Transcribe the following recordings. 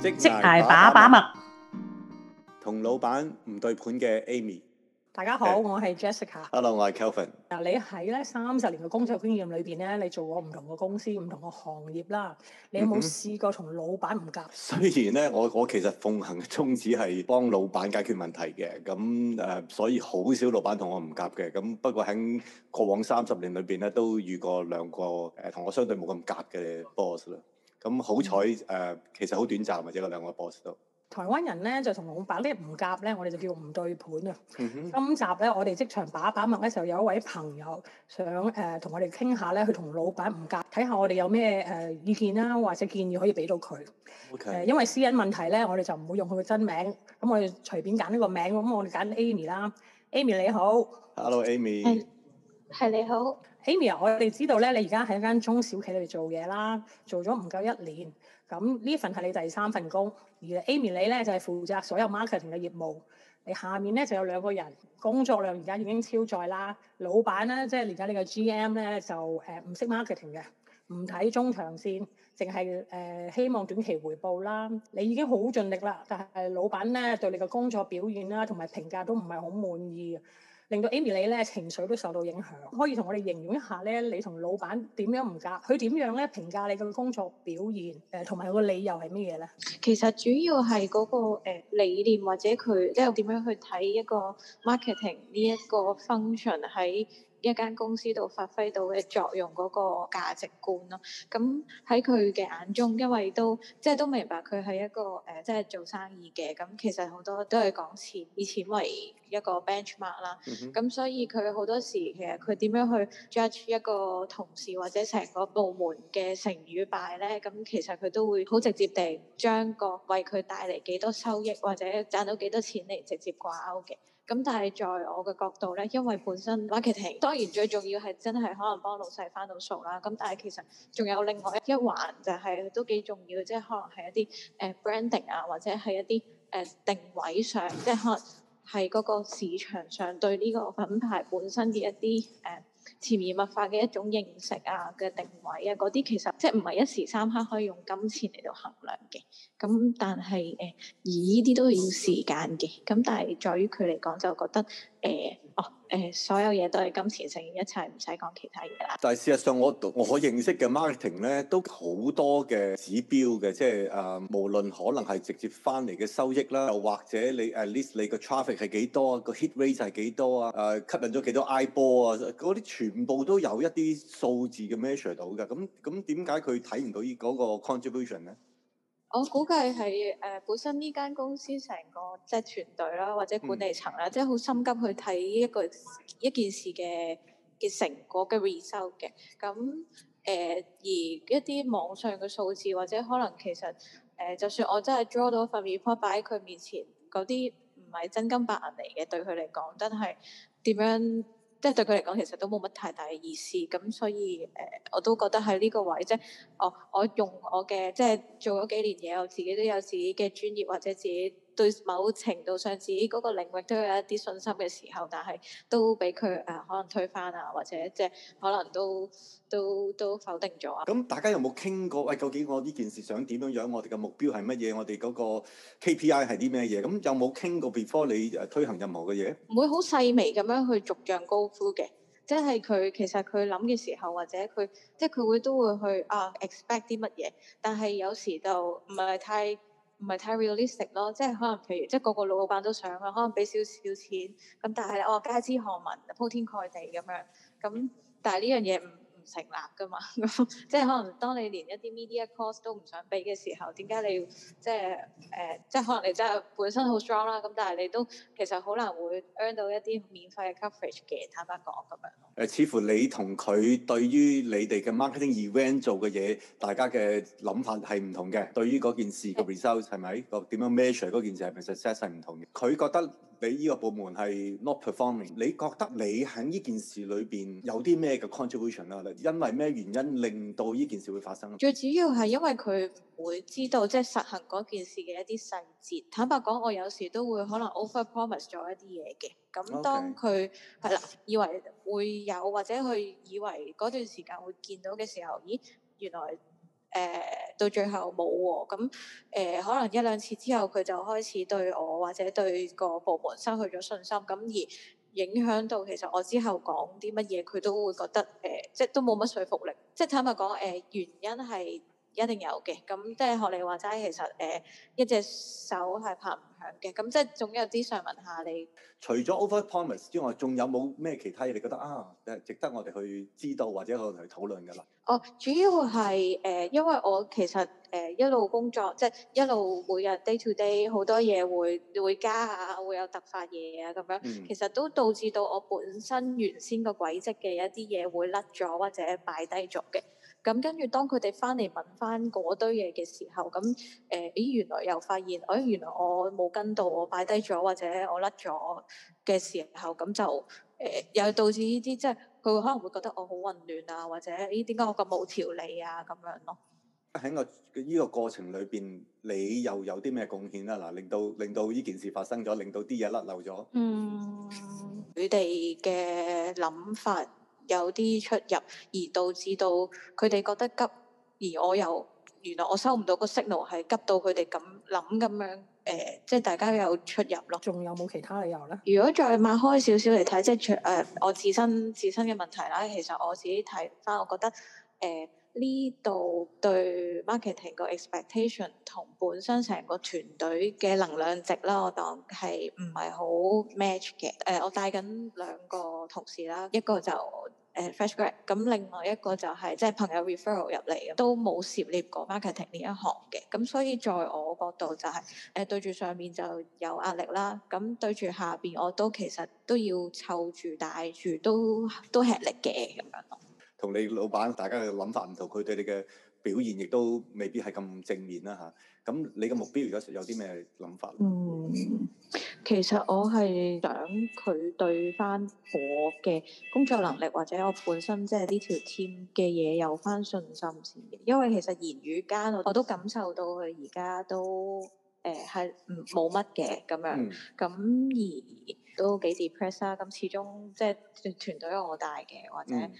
即係把把脈，同老闆唔對盤嘅 Amy。大家好，uh, 我係 Jessica。Hello，我係 Kelvin。嗱，你喺咧三十年嘅工作經驗裏邊咧，你做過唔同嘅公司、唔、嗯、同嘅行業啦，你有冇試過同老闆唔夾？雖然咧，我我其實奉行嘅宗旨係幫老闆解決問題嘅，咁誒、呃，所以好少老闆同我唔夾嘅。咁不過喺過往三十年裏邊咧，都遇過兩個誒，同、呃、我相對冇咁夾嘅 boss 啦。咁好彩誒、呃，其實好短暫，或者個兩個 boss 都，台灣人咧就同老闆咧唔夾咧，我哋就叫唔對盤啊。今集咧，我哋即場把把脈嘅時候，有一位朋友想誒同、呃、我哋傾下咧，去同老闆唔夾，睇下我哋有咩誒、呃、意見啦，或者建議可以俾到佢。OK、呃。因為私隱問題咧，我哋就唔會用佢嘅真名，咁我哋隨便揀呢個名，咁我哋揀 Amy 啦。Amy 你好。Hello Amy。係 Hey.、hey, 你好。Amy，我哋知道咧，你而家喺間中小企度做嘢啦，做咗唔夠一年，咁呢份係你第三份工。而 Amy 你咧就係、是、負責所有 marketing 嘅業務，你下面咧就有兩個人，工作量而家已經超載啦。老闆咧即係而家你個 GM 咧就誒唔識 marketing 嘅，唔、呃、睇中長線，淨係誒希望短期回報啦。你已經好盡力啦，但係老闆咧對你嘅工作表現啦同埋評價都唔係好滿意。令到 Amy 你咧情緒都受到影響，可以同我哋形容一下咧，你同老闆點樣唔夾？佢點樣咧評價你嘅工作表現？誒同埋個理由係乜嘢咧？其實主要係嗰、嗰個、呃、理念或者佢即係點樣去睇一個 Marketing 呢一個 function 係一間公司度發揮到嘅作用嗰個價值觀咯，咁喺佢嘅眼中，因為都即係都明白佢係一個誒、呃，即係做生意嘅，咁其實好多都係講錢，以錢為一個 benchmark 啦、嗯哼。咁所以佢好多時其實佢點樣去 judge 一個同事或者成個部門嘅成與敗咧？咁其實佢都會好直接地將個為佢帶嚟幾多收益或者賺到幾多錢嚟直接掛鈎嘅。咁但係在我嘅角度咧，因為本身 marketing 當然最重要係真係可能幫老細返到數啦。咁但係其實仲有另外一環就係都幾重要，即係可能係一啲誒 branding 啊，或者係一啲誒定位上，即係可能係嗰個市場上對呢個品牌本身嘅一啲誒。潛移默化嘅一種認識啊、嘅定位啊，嗰啲其實即係唔係一時三刻可以用金錢嚟到衡量嘅。咁但係誒，而呢啲都係要時間嘅。咁但係在於佢嚟講，就覺得。誒、欸、哦誒、欸，所有嘢都係金錢性，一切唔使講其他嘢啦。但係事實上我，我我認識嘅 marketing 咧都好多嘅指標嘅，即係誒、呃，無論可能係直接翻嚟嘅收益啦，又或者你 at least 你個 traffic 係幾多，個 hit rate 係幾多啊？誒、呃，吸引咗幾多 eye ball 啊？嗰啲全部都有一啲數字嘅 measure 到㗎。咁咁點解佢睇唔到依嗰個 contribution 咧？我估計係誒、呃、本身呢間公司成個即係團隊啦，或者管理層啦，嗯、即係好心急去睇一個一件事嘅嘅成果嘅 result 嘅。咁誒、呃、而一啲網上嘅數字或者可能其實誒、呃，就算我真係 draw 到一份 report 擺喺佢面前，嗰啲唔係真金白銀嚟嘅，對佢嚟講真係點樣？即係對佢嚟講，其實都冇乜太大嘅意思。咁所以，呃，我都覺得喺呢個位啫。我我用我嘅，即做咗幾年嘢，我自己都有自己嘅專業或者自己。對某程度上自己嗰個領域都有一啲信心嘅時候，但係都俾佢誒可能推翻啊，或者即係可能都都都否定咗啊。咁大家有冇傾過？喂、哎，究竟我呢件事想點樣樣？我哋嘅目標係乜嘢？我哋嗰個 KPI 係啲咩嘢？咁有冇傾過 before 你、呃、推行任何嘅嘢？唔會好細微咁樣去逐漸高呼嘅，即係佢其實佢諗嘅時候，或者佢即係佢會都會去啊 expect 啲乜嘢？但係有時就唔係太。唔係太 realistic 咯，即係可能譬如，即係個個老闆都想啊，可能俾少少錢咁，但係我街知巷聞鋪天蓋地咁樣，咁但係呢樣嘢唔。成立㗎嘛， 咁即係可能當你連一啲 media cost 都唔想俾嘅時候，點解你即係誒，即係可能你真係本身好 strong 啦，咁但係你都其實好難會 earn 到一啲免費嘅 coverage 嘅，坦白講咁樣。誒、呃，似乎你同佢對於你哋嘅 marketing event 做嘅嘢，大家嘅諗法係唔同嘅。對於嗰件事嘅 result 係咪的？個點樣 measure 嗰件事係咪 success 係唔同嘅？佢覺得，你呢個部門係 not performing，你覺得你喺呢件事裏邊有啲咩嘅 contribution 啊？因為咩原因令到呢件事會發生？最主要係因為佢唔會知道即係、就是、實行嗰件事嘅一啲細節。坦白講，我有時都會可能 over promise 咗一啲嘢嘅。咁當佢係啦，以為會有或者佢以為嗰段時間會見到嘅時候，咦，原來～誒到最後冇喎，咁誒、呃、可能一兩次之後，佢就開始對我或者對個部門失去咗信心，咁而影響到其實我之後講啲乜嘢，佢都會覺得誒、呃，即係都冇乜說服力。即係坦白講誒原因係一定有嘅，咁即係學你話齋，其實誒、呃、一隻手係拍嘅，咁、嗯、即係總有啲想問下你，除咗 over promise 之外，仲有冇咩其他嘢你覺得啊，值得我哋去知道或者我哋去討論嘅啦？哦，主要係誒、呃，因為我其實誒、呃、一路工作，即係一路每日 day to day 好多嘢會會加下，會有突發嘢啊咁樣，嗯、其實都導致到我本身原先個軌跡嘅一啲嘢會甩咗或者擺低咗嘅。咁跟住，當佢哋翻嚟問翻嗰堆嘢嘅時候，咁誒，咦、呃，原來又發現，哎，原來我冇跟到，我擺低咗或者我甩咗嘅時候，咁就誒、呃，又導致呢啲即係佢可能會覺得我好混亂啊，或者咦，點解我咁冇條理啊咁樣咯？喺我呢個過程裏邊，你又有啲咩貢獻啊？嗱，令到令到呢件事發生咗，令到啲嘢甩漏咗。嗯，佢哋嘅諗法。有啲出入，而導致到佢哋覺得急，而我又原來我收唔到個息 i g 係急到佢哋咁諗咁樣，誒、呃，即係大家有出入咯。仲有冇其他理由咧？如果再擘開少少嚟睇，即係誒、呃、我自身自身嘅問題啦。其實我自己睇翻，我覺得誒。呃呢度對 marketing 個 expectation 同本身成個團隊嘅能量值啦，我當係唔係好 match 嘅。誒、呃，我帶緊兩個同事啦，一個就誒、呃、fresh grad，咁另外一個就係、是、即係朋友 referral 入嚟，都冇涉獵過 marketing 呢一行嘅。咁所以在我角度就係、是、誒、呃、對住上面就有壓力啦，咁對住下邊我都其實都要湊住帶住都都吃力嘅咁樣咯。同你老闆大家嘅諗法唔同，佢對你嘅表現亦都未必係咁正面啦嚇。咁、啊、你嘅目標而家有啲咩諗法？嗯，其實我係想佢對翻我嘅工作能力或者我本身即係呢條 team 嘅嘢有翻信心先嘅，因為其實言語間我都感受到佢而家都誒係冇乜嘅咁樣，咁、嗯、而都幾 depress 啦。咁始終即係、就是、團隊我帶嘅或者。嗯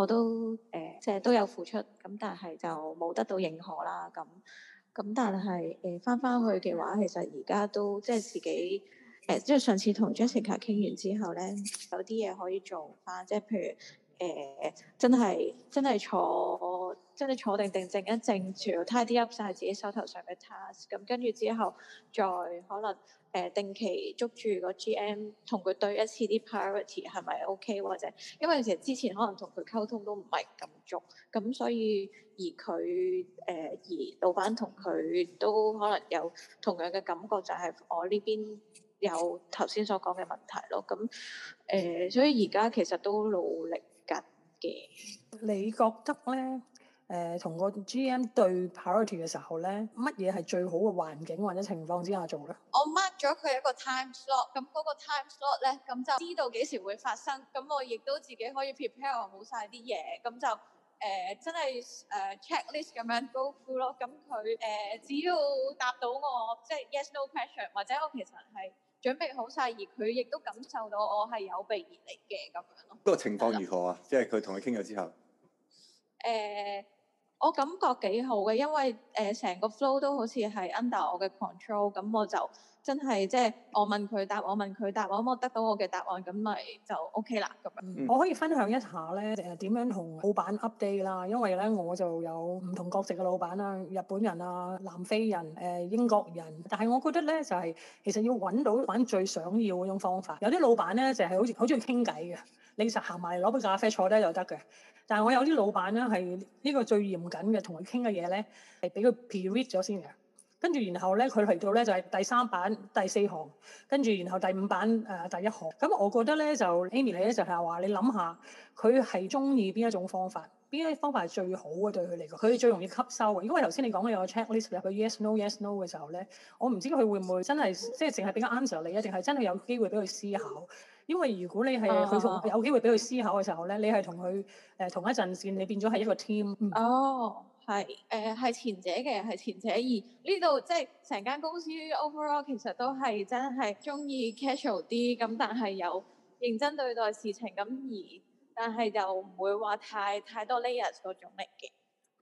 我都誒、呃、即係都有付出，咁但係就冇得到認可啦。咁咁但係誒翻翻去嘅話，其實而家都即係自己誒、呃、即係上次同 Jessica 傾完之後咧，有啲嘢可以做翻，即係譬如誒、呃、真係真係坐。即係坐定定靜一靜，朝 tidy up 晒自己手頭上嘅 task。咁跟住之後，再可能誒定期捉住個 GM 同佢對一次啲 priority 係咪 OK，或者因為其實之前可能同佢溝通都唔係咁足，咁所以而佢誒而老闆同佢都可能有同樣嘅感覺，就係我呢邊有頭先所講嘅問題咯。咁誒，所以而家其實都努力緊嘅。你覺得呢？誒、呃、同個 GM 對 priority 嘅時候咧，乜嘢係最好嘅環境或者情況之下做咧？我 mark 咗佢一個 time slot，咁嗰個 time slot 咧，咁就知道幾時會發生。咁我亦都自己可以 prepare 好晒啲嘢，咁就誒、呃、真係誒、呃、checklist 咁樣 go through 咯。咁佢誒只要答到我，即係 yes no question，或者我其實係準備好晒，而佢亦都感受到我係有備而嚟嘅咁樣咯。不過情況如何啊？的即係佢同佢傾咗之後，誒、呃。我感覺幾好嘅，因為誒成、呃、個 flow 都好似係 under 我嘅 control，咁、嗯、我就。真係即係我問佢答，我問佢答，我可唔可得到我嘅答案？咁咪就 OK 啦。咁樣、嗯、我可以分享一下咧，點樣同老闆 update 啦？因為咧我就有唔同國籍嘅老闆啦，日本人啊、南非人、誒英國人。但係我覺得咧就係、是、其實要揾到揾最想要嗰種方法。有啲老闆咧就係、是、好似好中意傾偈嘅，你就行埋攞杯咖啡坐低就得嘅。但係我有啲老闆咧係呢個最嚴謹嘅，同佢傾嘅嘢咧係俾佢 pre-read 咗先嘅。跟住然後咧，佢嚟到咧就係、是、第三版第四行，跟住然後第五版誒、呃、第一行。咁、嗯、我覺得咧就 Amy 嚟咧就係、是、話你諗下，佢係中意邊一種方法？邊一種方法係最好嘅對佢嚟講？佢最容易吸收嘅。因為頭先你講嘅有個 checklist 入去 yes no yes no 嘅時候咧，我唔知佢會唔會真係即係淨係比較 answer 你啊？定係真係有機會俾佢思考？因為如果你係佢同有機會俾佢思考嘅時候咧，你係同佢誒同一陣線，你變咗係一個 team 哦。Oh. 係，誒係前者嘅，係前者，而呢度即係成間公司 overall 其實都係真係鍾意 casual 啲，咁但係有認真對待事情咁而，但係又唔會話太太多 layers 嗰種嚟嘅。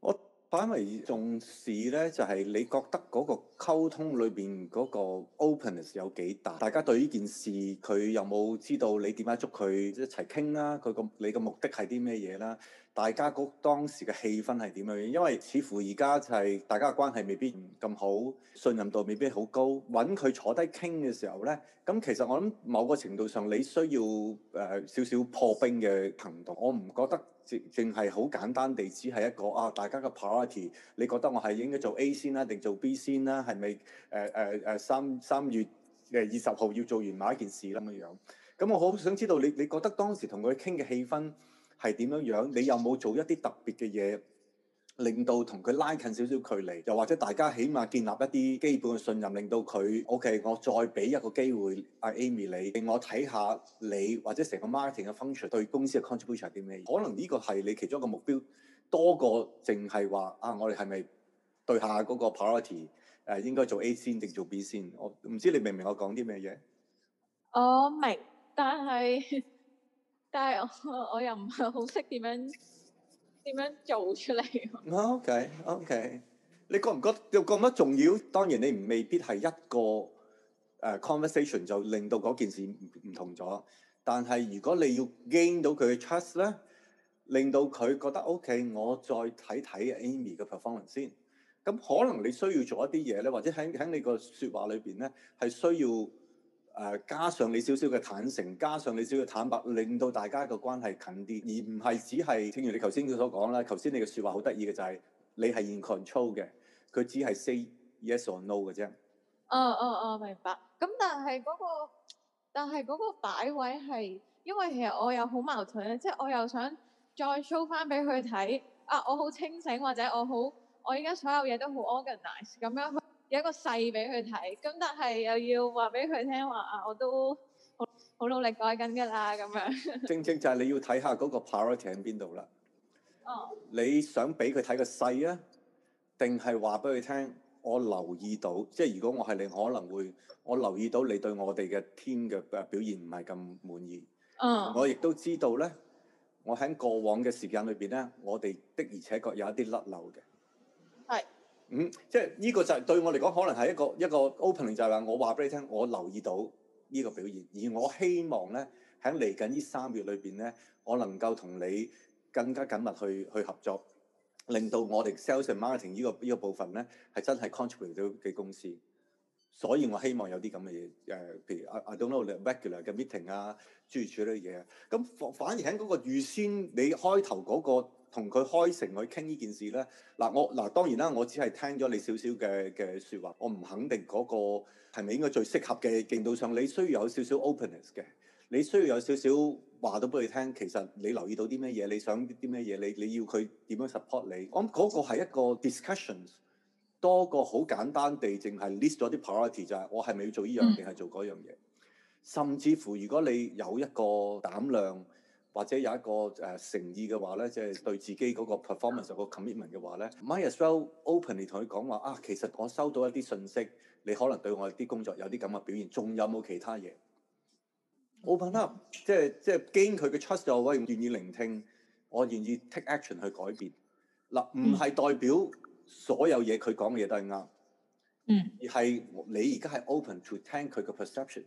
我反而重視咧，就係、是、你覺得嗰個溝通裏邊嗰個 openness 有幾大？大家對呢件事佢有冇知道你、啊？你點解捉佢一齊傾啦？佢個你嘅目的係啲咩嘢啦？大家嗰當時嘅氣氛係點樣？因為似乎而家就係大家嘅關係未必咁好，信任度未必好高。揾佢坐低傾嘅時候咧，咁其實我諗某個程度上你需要誒、呃、少少破冰嘅行動。我唔覺得。淨係好簡單地，只係一個啊！大家嘅 priority，你覺得我係應該做 A 先啦，定做 B 先啦？係咪？誒誒誒，三、呃、三月誒二十號要做完某一件事啦？咁樣樣。咁我好想知道你，你你覺得當時同佢傾嘅氣氛係點樣樣？你有冇做一啲特別嘅嘢？令到同佢拉近少少距離，又或者大家起碼建立一啲基本嘅信任，令到佢 OK，我再俾一個機會阿 Amy 你，令我睇下你或者成個 marketing 嘅 function 對公司嘅 contribution 係啲咩？可能呢個係你其中一個目標，多過淨係話啊，我哋係咪對下嗰個 priority 誒、呃、應該做 A 先定做 B 先？我唔知你明唔明我講啲咩嘢？我明，但係但係我我又唔係好識點樣。點樣做出嚟？OK OK，你覺唔覺得又咁乜重要？當然你唔未必係一個誒 conversation 就令到嗰件事唔唔同咗。但係如果你要 gain 到佢嘅 trust 咧，令到佢覺得 OK，我再睇睇 Amy 嘅 performance 先。咁可能你需要做一啲嘢咧，或者喺喺你個説話裏邊咧係需要。誒、uh, 加上你少少嘅坦誠，加上你少少坦白，令到大家嘅關係近啲，而唔係只係正如你頭先所講啦。頭先你嘅說話好得意嘅就係、是，你係 in control 嘅，佢只係 say yes or no 嘅啫。哦哦哦，明白。咁但係嗰、那個，但係嗰個擺位係，因為其實我又好矛盾啊，即、就、係、是、我又想再 show 翻俾佢睇，啊我好清醒，或者我好，我依家所有嘢都好 organized 咁樣去。有一個細俾佢睇，咁但係又要話俾佢聽話啊！我都好努力改緊噶啦，咁樣。正正就係你要睇下嗰個 priority 喺邊度啦。哦。Oh. 你想俾佢睇個細啊？定係話俾佢聽，我留意到，即係如果我係你，可能會我留意到你對我哋嘅 team 嘅表現唔係咁滿意。嗯。Oh. 我亦都知道咧，我喺過往嘅時間裏邊咧，我哋的而且確有一啲甩漏嘅。係。Oh. 嗯，即係呢個就對我嚟講，可能係一個一個 opening，就係話我話俾你聽，我留意到呢個表現，而我希望咧喺嚟緊呢三月裏邊咧，我能夠同你更加緊密去去合作，令到我哋 sales 同 marketing 呢、呢個呢、呢個部分咧係真係 contributed 嘅公司。所以我希望有啲咁嘅嘢，誒、呃，譬如 I don't know regular 嘅 meeting 啊，諸如此類嘅嘢。咁反反而喺嗰個預先你開頭嗰、嗰個。同佢開誠去傾呢件事咧，嗱、啊、我嗱、啊、當然啦，我只係聽咗你少少嘅嘅説話，我唔肯定嗰個係咪應該最適合嘅程度上，你需要有少少 openness 嘅，你需要有少少話到俾佢聽，其實你留意到啲咩嘢，你想啲咩嘢，你你要佢點樣 support 你，我諗嗰個係一個 discussions 多過好簡單地淨係 list 咗啲 priority，就係我係咪要做依樣定係做嗰樣嘢，嗯、甚至乎如果你有一個膽量。或者有一個誒誠、呃、意嘅話咧，即、就、係、是、對自己嗰個 performance、嗯、個 commitment 嘅話咧 might as well openly 同佢講話啊，其實我收到一啲信息，你可能對我啲工作有啲咁嘅表現，仲有冇其他嘢？Open up，即係即係經佢嘅 trust 就可以願意聆聽，我願意 take action 去改變。嗱、啊，唔係代表所有嘢佢講嘅嘢都係啱，嗯，而係你而家係 open to 聽佢嘅 perceptions。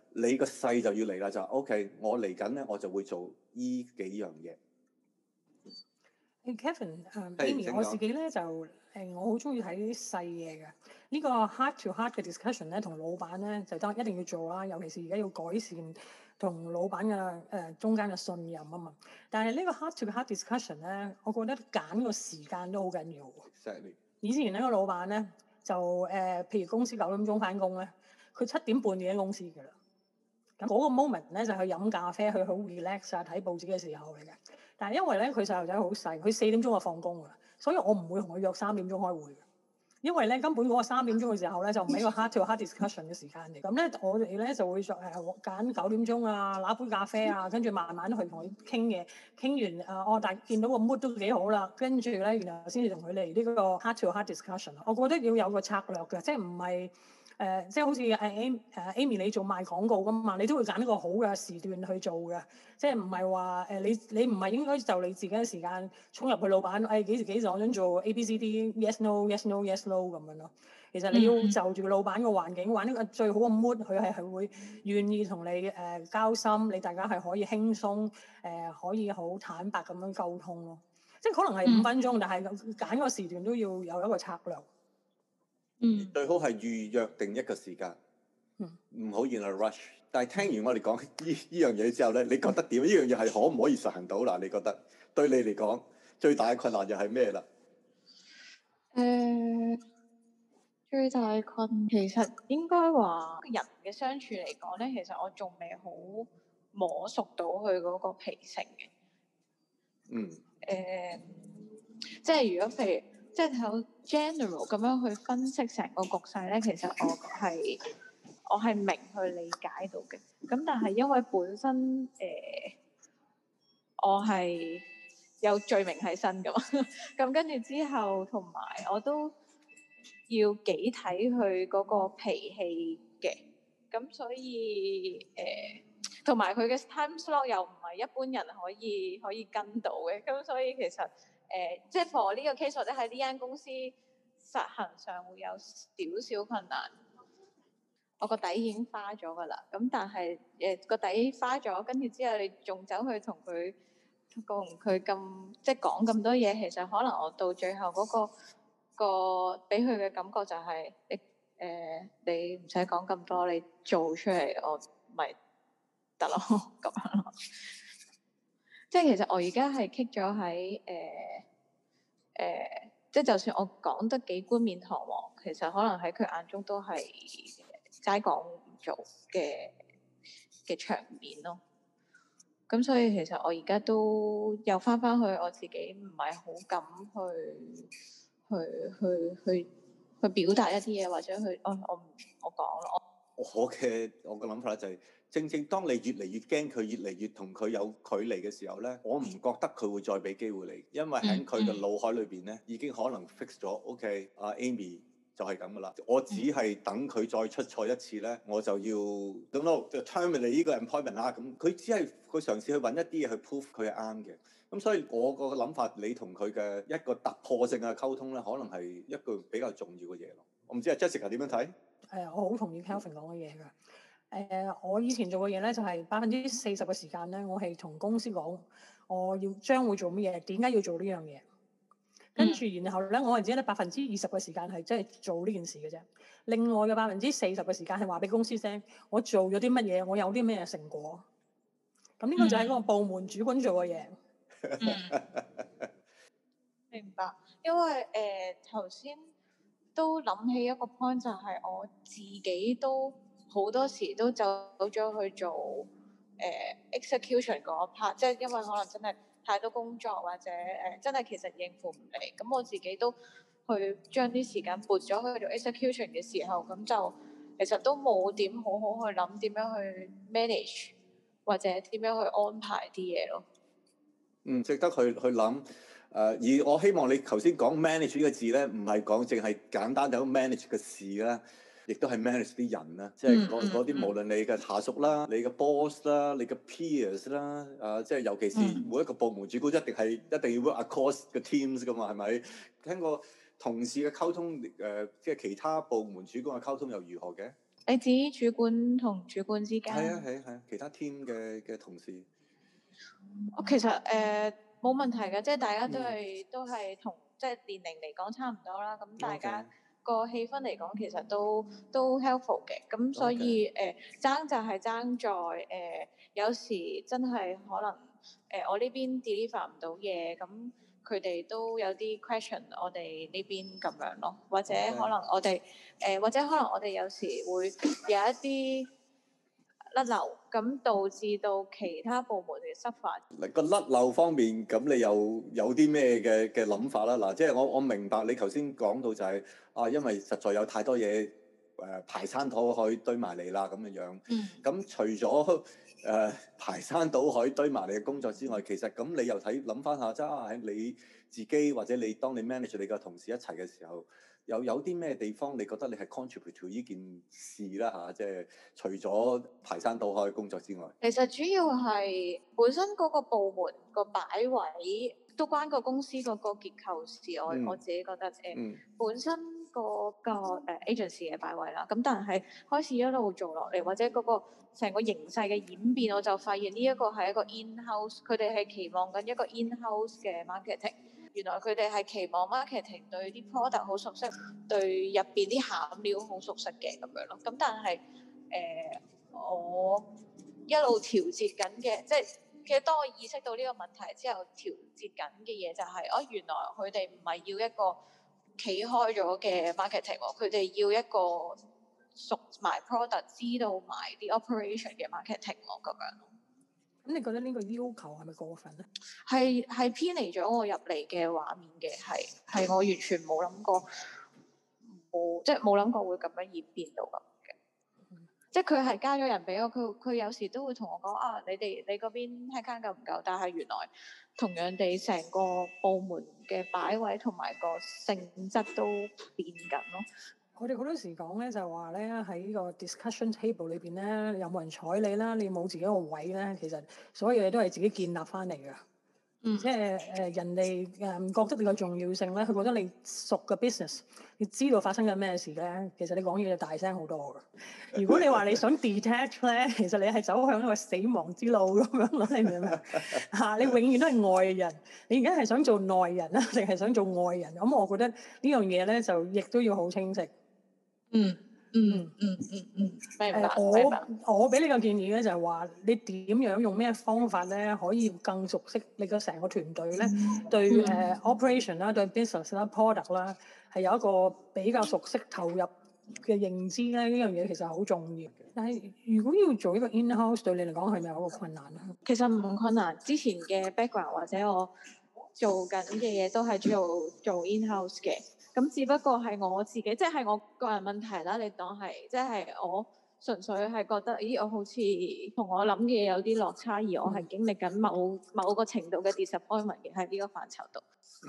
你個勢就要嚟啦，就 OK。我嚟緊咧，我就會做依幾樣嘢。Kevin 誒，Amy，我自己咧就誒，我好中意睇啲細嘢嘅呢個 heart to heart 嘅 discussion 咧，同老闆咧就得一定要做啦。尤其是而家要改善同老闆嘅誒、呃、中間嘅信任啊嘛。但係呢個 heart to heart discussion 咧，我覺得揀個時間都好緊要。十年 Exactly. 以前呢個老闆咧就誒、呃，譬如公司九點鐘翻工咧，佢七點半已經公司㗎啦。我個 moment 咧就是、去飲咖啡，佢好 relax 啊，睇報紙嘅時候嚟嘅。但係因為咧佢細路仔好細，佢四點鐘就放工啦，所以我唔會同佢約三點鐘開會嘅。因為咧根本嗰個三點鐘嘅時候咧就唔係個 hard to hard discussion 嘅時間嚟。咁、嗯、咧我哋咧就會誒揀九點鐘啊，拿杯咖啡啊，跟住慢慢去同佢傾嘢。傾完啊，我、呃、大見到個 mood 都幾好啦。跟住咧，然後先至同佢嚟呢個 hard to hard discussion。我覺得要有個策略嘅，即係唔係。誒、uh, 即係好似誒、uh, Amy，你做賣廣告㗎嘛，你都會揀一個好嘅時段去做嘅，即係唔係話誒你你唔係應該就你自己嘅時間衝入去老闆，誒、哎、幾時幾時我想做 A B C D、mm. Yes No Yes No Yes No 咁樣咯。其實你要就住老闆個環境，玩，呢個最好嘅 mood，佢係佢會願意同你誒、uh, 交心，你大家係可以輕鬆誒、呃、可以好坦白咁樣溝通咯、啊。即係可能係五分鐘，mm. 但係揀個時段都要有一個策略。嗯，最好係預約定一個時間，唔好原來 rush。但係聽完我哋講呢呢樣嘢之後咧，你覺得點？呢樣嘢係可唔可以實行到嗱？你覺得對你嚟講最大嘅困難又係咩啦？誒、呃，最大嘅困其實應該話人嘅相處嚟講咧，其實我仲未好摸熟到佢嗰個脾性嘅。嗯。誒、呃，即係如果譬如。即係有 general 咁樣去分析成個局勢咧，其實我係我係明去理解到嘅。咁但係因為本身誒、呃，我係有罪名喺身㗎嘛，咁跟住之後同埋我都要幾睇佢嗰個脾氣嘅。咁所以誒，同埋佢嘅 time slot 又唔係一般人可以可以跟到嘅。咁所以其實。誒、呃，即係 for 呢個 case 咧，或者喺呢間公司實行上會有少少困難。Okay. 我個底已經花咗㗎啦，咁但係誒個底花咗，跟住之後你仲走去同佢同佢咁，即係講咁多嘢，其實可能我到最後嗰、嗰個、嗰個俾佢嘅感覺就係你誒，你唔使講咁多，你做出嚟我咪得咯咁樣咯。 即係其實我而家係 kick 咗喺誒誒，即、呃、係、呃、就算我講得幾冠冕堂皇，其實可能喺佢眼中都係齋講唔做嘅嘅場面咯。咁所以其實我而家都又返返去我自己，唔係好敢去去去去去表達一啲嘢，或者去我我我講咯。我嘅我嘅諗法就係、是。正正當你越嚟越驚佢，越嚟越同佢有距離嘅時候咧，我唔覺得佢會再俾機會你，因為喺佢嘅腦海裏邊咧，已經可能 fix 咗。OK，阿、uh, Amy 就係咁噶啦。我只係等佢再出錯一次咧，我就要，no，就 terminate 呢個 employment 咁、啊。佢、嗯嗯嗯嗯嗯、只係佢嘗試去搵一啲嘢去 proof 佢係啱嘅。咁、嗯、所以我個諗法，你同佢嘅一個突破性嘅溝通咧，可能係一個比較重要嘅嘢咯。我唔知阿 Jessica 點樣睇？啊、呃，我好同意 Kelvin 講嘅嘢㗎。誒，uh, 我以前做嘅嘢咧，就係百分之四十嘅時間咧，我係同公司講我要將會做乜嘢，點解要做呢樣嘢？嗯、跟住然後咧，我係只係得百分之二十嘅時間係真係做呢件事嘅啫。另外嘅百分之四十嘅時間係話俾公司聽，我做咗啲乜嘢，我有啲咩成果。咁呢個就係嗰個部門主管做嘅嘢。嗯、 明白，因為誒頭先都諗起一個 point，就係、是、我自己都，好多時都走咗去做誒、呃、execution 嗰 part，即係因為可能真係太多工作或者誒、呃、真係其實應付唔嚟，咁我自己都去將啲時間撥咗去做 execution 嘅時候，咁就其實都冇點好好去諗點樣去 manage 或者點樣去安排啲嘢咯。唔、嗯、值得去去諗。誒、呃，而我希望你頭先講 manage 呢個字咧，唔係講淨係簡單就 manage 嘅事啦。亦都係 manage 啲人啦，即係嗰啲無論你嘅下屬啦、你嘅 boss 啦、你嘅 peers 啦，啊、呃、即係尤其是每一個部門主管一定係、嗯、一定要 work across 嘅 teams 㗎嘛，係咪？聽過同事嘅溝通誒、呃，即係其他部門主管嘅溝通又如何嘅？你指主管同主管之間？係啊係啊係啊，啊，其他 team 嘅嘅同事。我、嗯、其實誒冇、呃、問題嘅，即係大家都係都係同即係年齡嚟講差唔多啦，咁大家。嗯嗯 okay. 個氣氛嚟講，其實都都 helpful 嘅。咁所以誒 Okay.、呃、爭就係爭在誒、呃，有時真係可能誒、呃，我呢邊 deliver 唔到嘢，咁佢哋都有啲 question 我哋呢邊咁樣咯。或者可能我哋誒 Yeah.、呃，或者可能我哋有時會有一啲。甩漏，咁導致到其他部門嘅失法。嗱，個甩漏方面，咁你又有啲咩嘅嘅諗法啦？嗱、嗯啊，即係我我明白你頭先講到就係、是、啊，因為實在有太多嘢誒、呃、排山倒海堆埋你啦，咁嘅樣。嗯。咁除咗誒、呃、排山倒海堆埋你嘅工作之外，其實咁你又睇諗翻下，即、啊、係你自己或者你當你 manage 你嘅同事一齊嘅時候。有有啲咩地方你覺得你係 contribute 呢件事啦嚇？即係除咗排山倒海工作之外，其實主要係本身嗰個部門個擺位都關個公司嗰個結構事。我，嗯，我自己覺得誒，呃，本身嗰個，uh, agency 嘅擺位啦，咁但係開始一路做落嚟，或者嗰個成個形勢嘅演變，我就發現呢一個係一個 in-house，佢哋係期望緊一個 in-house 嘅 marketing。原來佢哋係期望 marketing 對啲 product 好熟悉，對入邊啲餡料好熟悉嘅咁樣咯。咁但係誒、呃，我一路調節緊嘅，即係其實當我意識到呢個問題之後，調節緊嘅嘢就係、是，哦原來佢哋唔係要一個企開咗嘅 marketing，佢哋要一個熟埋 product，知道埋啲 operation 嘅 marketing 咯咁樣。咁你覺得呢個要求係咪過分咧？係係偏離咗我入嚟嘅畫面嘅，係係我完全冇諗過，冇即係冇諗過會咁樣演變到咁嘅。嗯、即係佢係加咗人俾我，佢佢有時都會同我講啊，你哋你嗰邊 headcount 夠唔夠？但係原來同樣地成個部門嘅擺位同埋個性質都變緊咯。我哋好多時講咧，就係話咧喺呢個 discussion table 裏邊咧，有冇人睬你啦？你冇自己個位咧，其實所有嘢都係自己建立翻嚟嘅。嗯，即係誒人哋誒唔覺得你個重要性咧，佢覺得你熟嘅 business，你知道發生緊咩事咧，其實你講嘢就大聲好多嘅。如果你話你想 detach 咧，其實你係走向一個死亡之路咁樣，你明唔明？嚇，你永遠都係外人，你而家係想做內人啦，定係想做外人？咁我覺得呢樣嘢咧，就亦都要好清晰。嗯嗯嗯嗯嗯，明白明白。我我俾你個建議咧，就係話你點樣用咩方法咧，可以更熟悉你個成個團隊咧，對、hmm. 誒、uh, operation 啦、really，對 business 啦，product 啦，係有一個比較熟悉投入嘅認知咧，呢樣嘢其實好重要嘅。但係如果要做呢個 in house，對你嚟講係咪有一個困難咧？其實唔困難。之前嘅 background 或者我做緊嘅嘢都係主要做 in house 嘅。咁只不過係我自己，即係我個人問題啦。你當係即係我純粹係覺得，咦，我好似同我諗嘅嘢有啲落差，而我係經歷緊某某個程度嘅 disappointment 嘅喺呢個範疇度。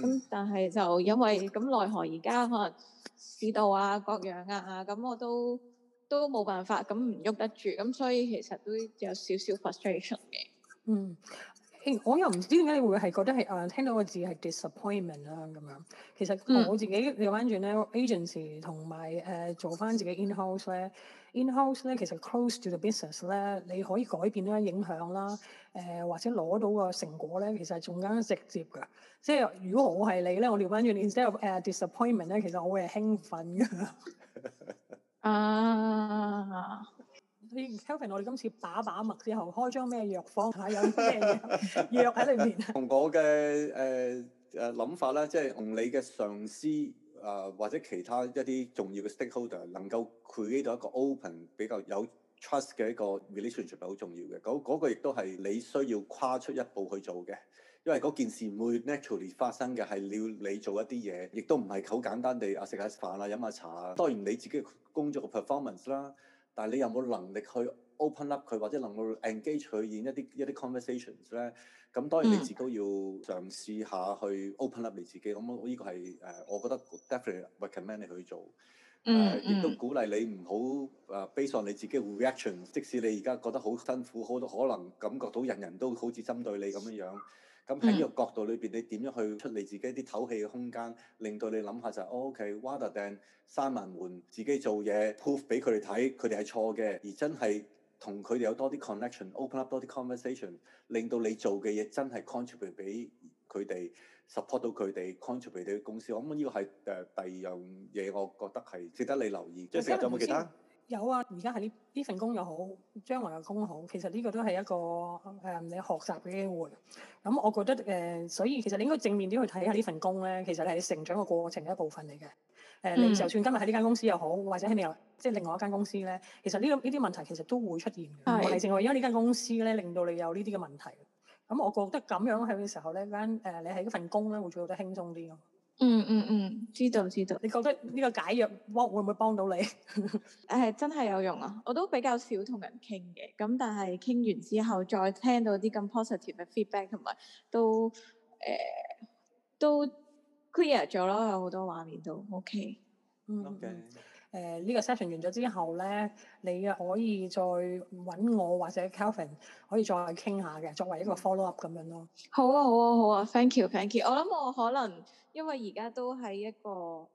咁、嗯、但係就因為咁，奈何而家可能市道啊、各樣啊咁，我都都冇辦法咁唔喐得住，咁所以其實都有少少 frustration 嘅。嗯。Hey, 我又唔知點解你會係覺得係啊，聽到個字係 disappointment 啦。咁樣。其實我自己調翻轉咧，agency 同埋誒做翻自己 in-house 咧，in-house 咧其實 close to the business 咧，你可以改變咧影響啦，誒、呃、或者攞到個成果咧，其實仲更加直接㗎。即、就、係、是、如果我係你咧，我調翻轉，instead of、uh, disappointment 咧，其實我會係興奮㗎。啊、 uh！你 e 我哋今次把把脈之後，開張咩藥方，睇下有啲咩藥喺裏面？同我嘅誒誒諗法啦，即係同、嗯、你嘅上司啊、呃，或者其他一啲重要嘅 stakeholder 能夠 create 到一個 open 比較有 trust 嘅一個 relationship 係好重要嘅。嗰、那個亦都係你需要跨出一步去做嘅，因為嗰件事唔會 naturally 發生嘅，係你要你做一啲嘢，亦都唔係好簡單地啊食下飯啊飲下茶啊。當然你自己嘅工作嘅 performance 啦、啊。但係你有冇能力去 open up 佢，或者能夠 engage 佢，演一啲一啲 conversations 咧？咁當然你自己都要嘗試下去 open up 你自己。咁呢個係係、呃、我覺得我 definitely recommend 你去做，亦、呃 mm hmm. 都鼓勵你唔好誒、呃、base on 你自己 reaction。即使你而家覺得好辛苦，好多可能感覺到人人都好似針對你咁樣樣。咁喺呢個角度裏邊，你點樣去出你自己啲透氣嘅空間，令到你諗下就 OK，water down，閂埋門自己做嘢，prove 俾佢哋睇，佢哋係錯嘅，而真係同佢哋有多啲 connection，open up 多啲 conversation，令到你做嘅嘢真係 contribute 俾佢哋，support 到佢哋，contribute 到公司。我諗呢個係誒第二樣嘢，uh, 我覺得係值得你留意。即係有冇其他？almond fur apron 有啊，而家喺呢呢份工又好，將來嘅工又好，其實呢個都係一個誒、呃、你學習嘅機會。咁、嗯、我覺得誒、呃，所以其實你應該正面啲去睇下呢份工咧，其實你係成長嘅過程嘅一部分嚟嘅。誒、呃，你就算今日喺呢間公司又好，或者喺你又即係另外一間公司咧，其實呢、呢個呢啲問題其實都會出現嘅。係正是因為呢間公司咧，令到你有呢啲嘅問題。咁、嗯、我覺得咁樣喺嘅時候咧，嗰間、呃、你喺嗰份工咧，會做得輕鬆啲咯。嗯嗯嗯，知道知道。你覺得呢個解藥，哇，會唔會幫到你？誒、 呃，真係有用啊！我都比較少同人傾嘅，咁但係傾完之後，再聽到啲咁 positive 嘅 feedback，同埋都誒、呃、都 clear 咗咯，有好多畫面都 OK。嗯 Okay. 嗯。誒、嗯，呢、呃這個 session 完咗之後咧，你可以再揾我或者 Calvin 可以再傾下嘅，作為一個 follow up 咁、嗯、樣咯、啊。好啊好啊好啊，thank you thank you。我諗我可能。因為而家都係一個誒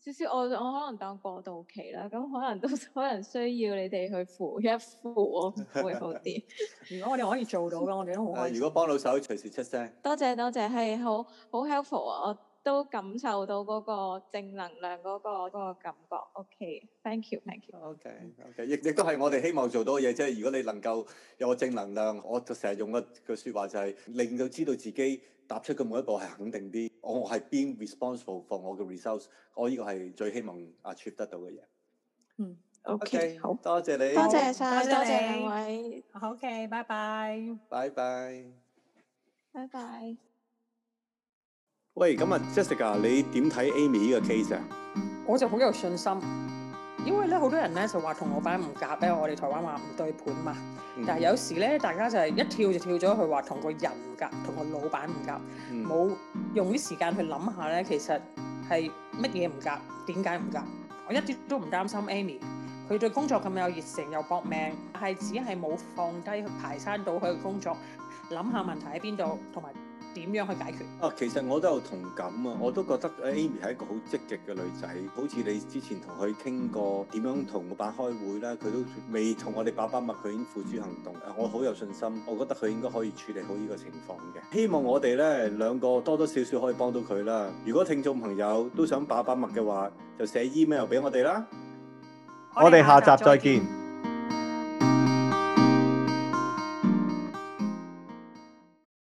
少少，我我可能當過渡期啦。咁可能都可能需要你哋去扶一扶，會好啲。 如果我哋可以做到嘅，我哋都好開心。如果幫到手，隨時出聲。多謝多謝係好好 helpful 啊！我都感受到個正能量、嗰個、嗰個感覺 OK，thank you，thank you。OK，OK，亦亦都係我哋希望做到嘅嘢，即係如果你能夠有個正能量，我就成日用嗰句說話就係令到知道自己踏出嘅每一步係肯定啲。我係 being responsible for 我嘅 results，我呢個係最希望 achieve 得到嘅嘢。嗯，OK，好，多謝你，多謝晒，多謝兩位。好嘅，拜拜。拜拜。拜拜。喂，今日 Jessica，你點睇 Amy 呢個 case 啊？我就好有信心。因為咧，好多人咧就話同老闆唔夾咧，我哋台灣話唔對盤嘛。但係有時咧，大家就係一跳就跳咗去話同個人唔夾，同個老闆唔夾，冇用啲時間去諗下咧，其實係乜嘢唔夾，點解唔夾？我一啲都唔擔心 Amy，佢對工作咁有熱誠，又搏命，係只係冇放低排山倒海嘅工作，諗下問題喺邊度，同埋，點樣去解決？啊，其實我都有同感啊！我都覺得 Amy 係一個好積極嘅女仔，好似你之前同佢傾過點、嗯、樣同老闆開會啦，佢都未同我哋把把脈佢已經付諸行動。嗯、我好有信心，我覺得佢應該可以處理好呢個情況嘅。希望我哋咧兩個多多少少可以幫到佢啦。如果聽眾朋友都想把把脈嘅話，就寫 email 俾我哋啦。我哋下集再見。